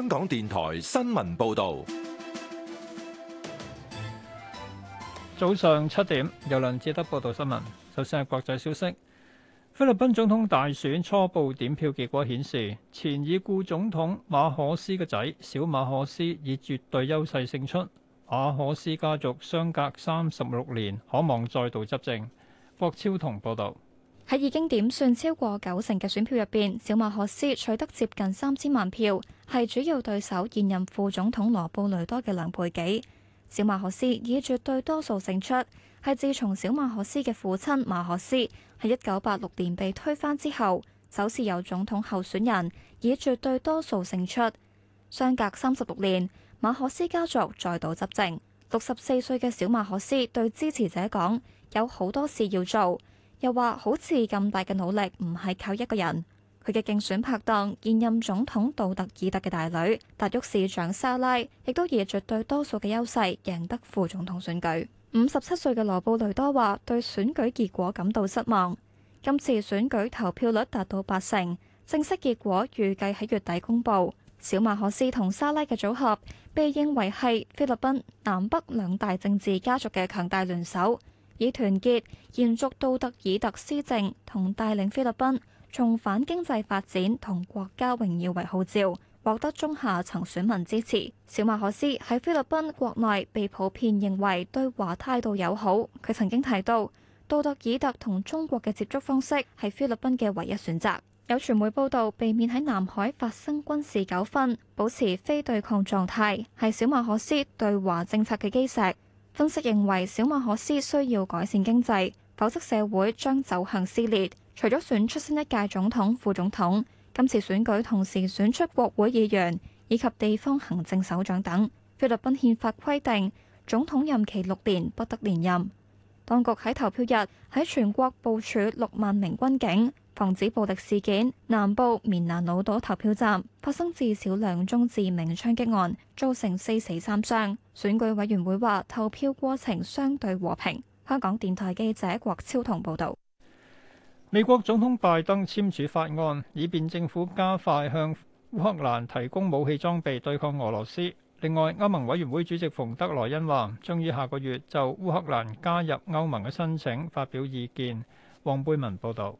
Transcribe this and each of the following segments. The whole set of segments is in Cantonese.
香港電台新聞報道，早上七點，由梁志德報道新聞。首先係國際消息，菲律賓總統大選初步點票結果顯示，前已故總統馬可斯嘅仔小馬可斯以絕對優勢勝出，馬可思家族相隔三十六年，可望再度執政。霍超同報道。喺已經點算超過九成嘅選票入邊，小馬可斯取得接近三千萬票，係主要對手現任副總統羅布雷多嘅兩倍幾。小馬可斯以絕對多數勝出，係自從小馬可斯嘅父親馬可斯喺一九八六年被推翻之後，首次由總統候選人以絕對多數勝出。相隔三十六年，馬可斯家族再度執政。六十四歲嘅小馬可斯對支持者講：有好多事要做。又話好似咁大嘅努力唔係靠一個人。佢嘅競選拍檔現任總統杜特爾特嘅大女達沃市長莎拉，亦都以絕對多數嘅優勢贏得副總統選舉。五十七歲嘅羅布雷多話對選舉結果感到失望。今次選舉投票率達到八成，正式結果預計喺月底公佈。小馬可斯同莎拉嘅組合被認為係菲律賓南北兩大政治家族嘅強大聯手。以團結延續杜特爾特施政同帶領菲律賓重返經濟發展同國家榮耀為號召，獲得中下層選民支持。小馬可斯喺菲律賓國內被普遍認為對華態度友好。佢曾經提到，杜特爾特同中國嘅接觸方式係菲律賓嘅唯一選擇。有傳媒報道，避免喺南海發生軍事糾紛，保持非對抗狀態，係小馬可斯對華政策嘅基石。分析認為，小馬可斯需要改善經濟，否則社會將走向撕裂。除咗選出新一屆總統、副總統，今次選舉同時選出國會議員以及地方行政首長等。菲律賓憲法規定，總統任期六年，不得連任。當局喺投票日喺全國部署六萬名軍警。防止暴力事件，南部棉蘭老島投票站發生至少兩宗致命槍擊案，造成四死三傷。選舉委員會話投票過程相對和平。香港電台記者郭超同報道。美國總統拜登簽署法案，以便政府加快向烏克蘭提供武器裝備對抗俄羅斯。另外，歐盟委員會主席馮德萊恩話將於下個月就烏克蘭加入歐盟嘅申請發表意見。黃貝文報道。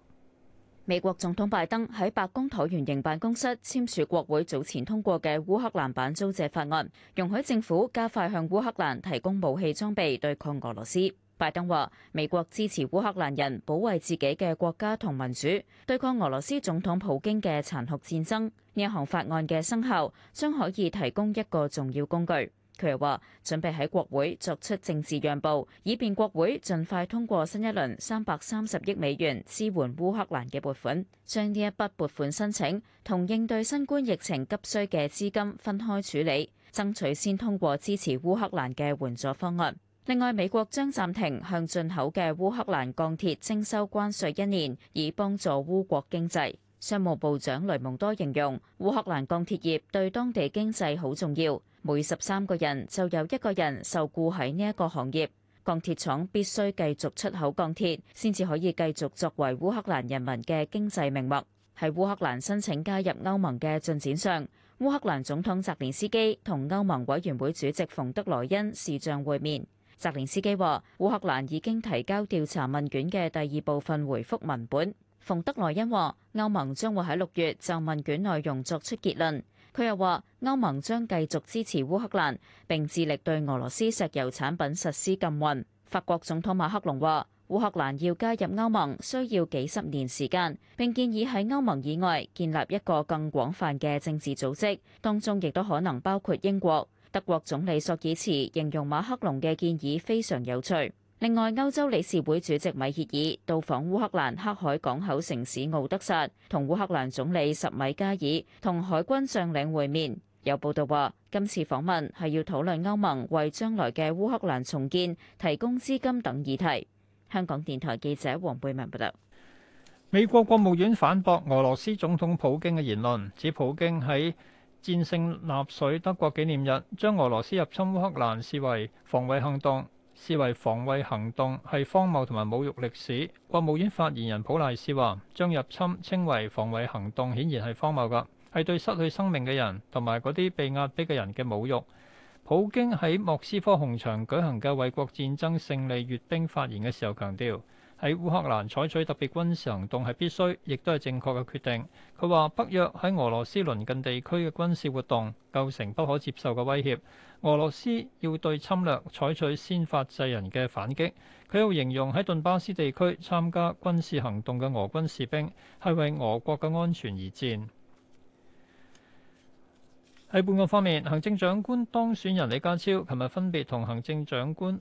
美國總統拜登喺白宮橢圓形辦公室簽署國會早前通過嘅烏克蘭版租借法案，容許政府加快向烏克蘭提供武器裝備對抗俄羅斯。拜登話：美國支持烏克蘭人保衛自己嘅國家同民主，對抗俄羅斯總統普京嘅殘酷戰爭。呢一項法案嘅生效，將可以提供一個重要工具。佢又話：準備喺國會作出政治讓步，以便國會盡快通過新一輪三百三十億美元支援烏克蘭嘅撥款，將呢一筆撥款申請同應對新冠疫情急需嘅資金分開處理，爭取先通過支持烏克蘭嘅援助方案。另外，美國將暫停向進口嘅烏克蘭鋼鐵徵收關稅一年，以幫助烏國經濟。商務部長雷蒙多形容烏克蘭鋼鐵業對當地經濟好重要。每十三個人就有一個人受雇喺呢一個行業。鋼鐵廠必須繼續出口鋼鐵，先至可以繼續作為烏克蘭人民嘅經濟命脈。喺烏克蘭申請加入歐盟嘅進展上，烏克蘭總統澤連斯基同歐盟委員會主席馮德萊恩視像會面。澤連斯基話：烏克蘭已經提交調查問卷嘅第二部分回覆文本。馮德萊恩話：歐盟將會喺六月就問卷內容作出結論。佢又話：歐盟將繼續支持烏克蘭，並致力對俄羅斯石油產品實施禁運。法國總統馬克龍話：烏克蘭要加入歐盟需要幾十年時間，並建議喺歐盟以外建立一個更廣泛嘅政治組織，當中亦都可能包括英國。德國總理索爾茨形容馬克龍嘅建議非常有趣。另外，歐洲理事會主席米歇爾到訪烏克蘭黑海港口城市敖德薩，同烏克蘭總理什米加爾同海軍將領會面。有報道話，今次訪問係要討論歐盟為將來嘅烏克蘭重建提供資金等議題。香港電台記者黃貝文報道。美國國務院反駁俄羅斯總統普京嘅言論，指普京喺戰勝納粹德國紀念日，將俄羅斯入侵烏克蘭視為防衛行動。視為防衛行動係荒謬同埋侮辱歷史。國務院發言人普賴斯話：將入侵稱為防衛行動，顯然係荒謬㗎，係對失去生命嘅人同埋嗰啲被壓迫嘅人嘅侮辱。普京喺莫斯科紅場舉行嘅衛國戰爭勝利閱兵發言嘅時候強調，喺烏克蘭採取特別軍事行動係必須，亦都係正確嘅決定。佢話北約喺俄羅斯鄰近地區嘅軍事活動構成不可接受嘅威脅，俄羅斯要對侵略採取先發制人嘅反擊。佢又形容喺頓巴斯地區參加軍事行動嘅俄軍士兵係為俄國嘅安全而戰。喺半個方面，行政長官當選人李家超琴日分別同行政長官。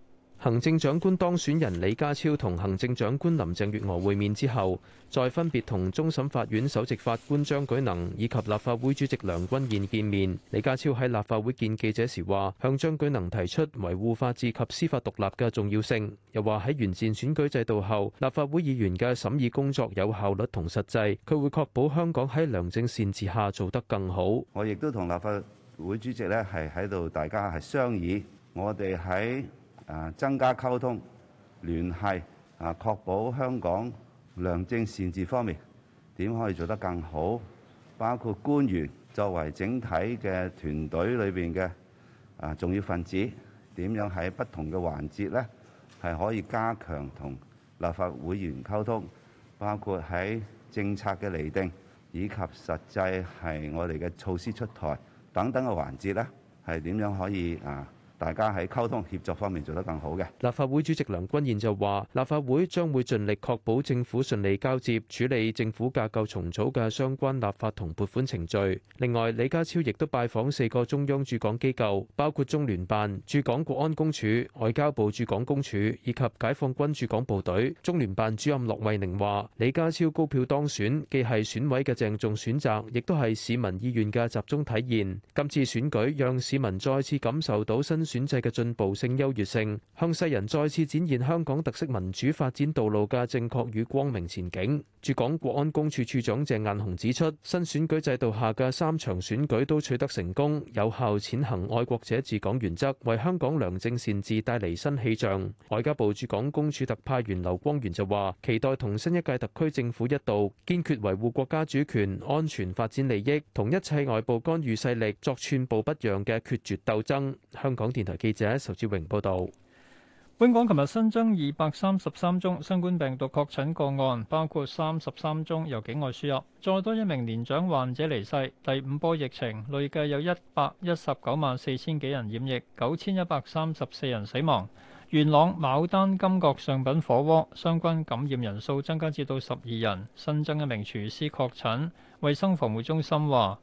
行政長官當選人李家超同行政長官林鄭月娥會面之後，再分別同終審法院首席法官張舉能以及立法會主席梁君彥見面。李家超喺立法會見記者時話，向張舉能提出維護法治及司法獨立嘅重要性，又話喺完善選舉制度後，立法會議員嘅審議工作有效率同實際，佢會確保香港喺良政善治下做得更好。我亦都同立法會主席咧係喺度，大家係商議，我哋喺。啊，增加溝通聯繫啊，確保香港良政善治方面點可以做得更好？包括官員作為整體嘅團隊裏邊嘅啊重要分子，點樣喺不同嘅環節呢係可以加強同立法會員溝通，包括喺政策嘅釐定以及實際係我哋嘅措施出台等等嘅環節呢，係點樣可以啊？大家喺溝通協作方面做得更好嘅。立法會主席梁君彥就話：立法會將會盡力確保政府順利交接，處理政府架構重組嘅相關立法同撥款程序。另外，李家超亦都拜訪四個中央駐港機構，包括中聯辦、駐港國安公署、外交部駐港公署以及解放軍駐港部隊。中聯辦主任駱惠寧話：李家超高票當選，既係選委嘅鄭重選擇，亦都係市民意願嘅集中體現。今次選舉讓市民再次感受到新選制嘅進步性、優越性，向世人再次展現香港特色民主發展道路嘅正確與光明前景。駐港國安公署署長鄭雁雄指出，新選舉制度下嘅三場選舉都取得成功，有效踐行愛國者治港原則，為香港良政善治帶嚟新氣象。外交部駐港公署特派員劉光源就話：期待同新一屆特區政府一道，堅決維護國家主權、安全、發展利益，同一切外部干預勢力作寸步不讓嘅決絕鬥爭。香港電台記者仇志榮報道，本港琴日新增二百三十三宗新冠病毒確診個案，包括三十三宗由境外輸入。再多一名年長患者離世。第五波疫情累計有一百一十九萬四千幾人染疫，九千一百三十四人死亡。元朗牡丹金閣上品火鍋相關感染人數增加至到十二人，新增一名廚師確診，衛生防護中心話，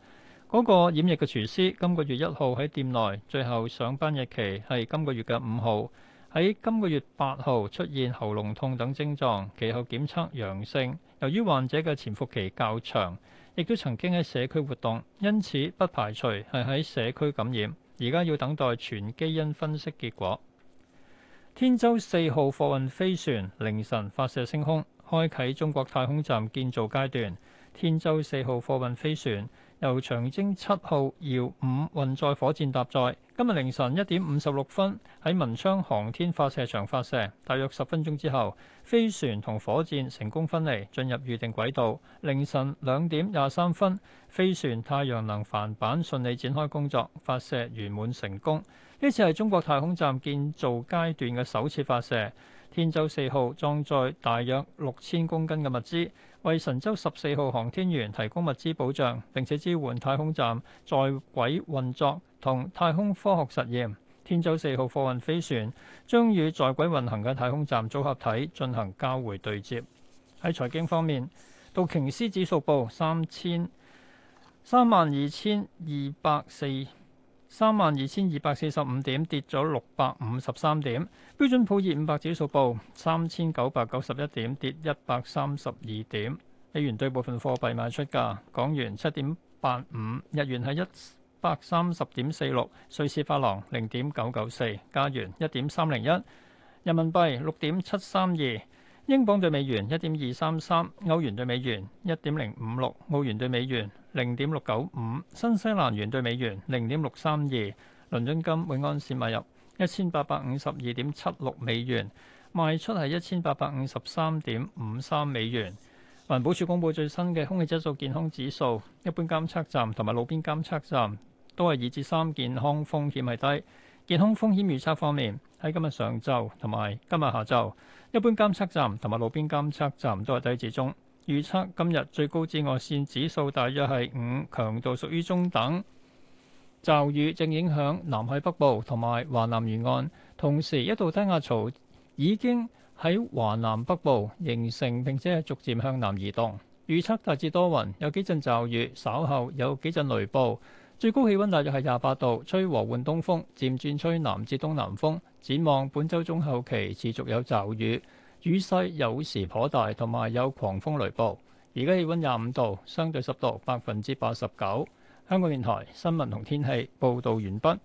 嗰個染疫嘅廚師，今個月一號喺店內，最後上班日期係今個月嘅五號。喺今個月八號出現喉嚨痛等症狀，其後檢測陽性。由於患者嘅潛伏期較長，亦都曾經喺社區活動，因此不排除係喺社區感染。而家要等待全基因分析結果。天舟四號貨運飛船凌晨發射升空，開啟中國太空站建造階段。天舟四號貨運飛船。由長征七號遙五運載火箭搭載，今日凌晨一點五十六分喺文昌航天發射場發射，大約十分鐘之後，飛船同火箭成功分離，進入預定軌道。凌晨兩點廿三分，飛船太陽能帆板順利展開工作，發射圓滿成功。呢次係中國太空站建造階段嘅首次發射。天舟四號裝載大約六千公斤嘅物資。為神舟十四號航天員提供物資保障，並且支援太空站在軌運作同太空科學實驗。天舟四號貨運飛船將與在軌運行嘅太空站組合體進行交會對接。喺財經方面，道瓊斯指數報三千三萬二千二百四。三萬二千二百四十五點，跌咗六百五十三點。標準普爾五百指數報三千九百九十一點，跌一百三十二點。美元兌部分貨幣賣出價：港元七點八五，日元係一百三十點四六，瑞士法郎零點九九四，加元一點三零一，人民幣六點七三二，英鎊兌美元一點二三三，歐元兌美元一點零五六，澳元兌美元零點六九五，95, 新西蘭元對美元零點六三二，倫敦金每安士買入一千八百五十二點七六美元，賣出係一千八百五十三點五三美元。環保署公布最新嘅空氣質素健康指數，一般監測站同埋路邊監測站都係二至三，健康風險係低。健康風險預測方面，喺今日上晝同埋今日下晝，一般監測站同埋路邊監測站都係低至中。預測今日最高紫外線指數大約係五，強度屬於中等。驟雨正影響南海北部同埋華南沿岸，同時一道低壓槽已經喺華南北部形成，並且逐漸向南移動。預測大致多雲，有幾陣驟雨，稍後有幾陣雷暴。最高氣温大約係廿八度，吹和緩東風，漸轉吹南至東南風。展望本週中後期持續有驟雨。雨勢有時頗大，同埋有狂風雷暴。而家氣温廿五度，相對濕度百分之八十九。香港電台新聞同天氣報導完畢。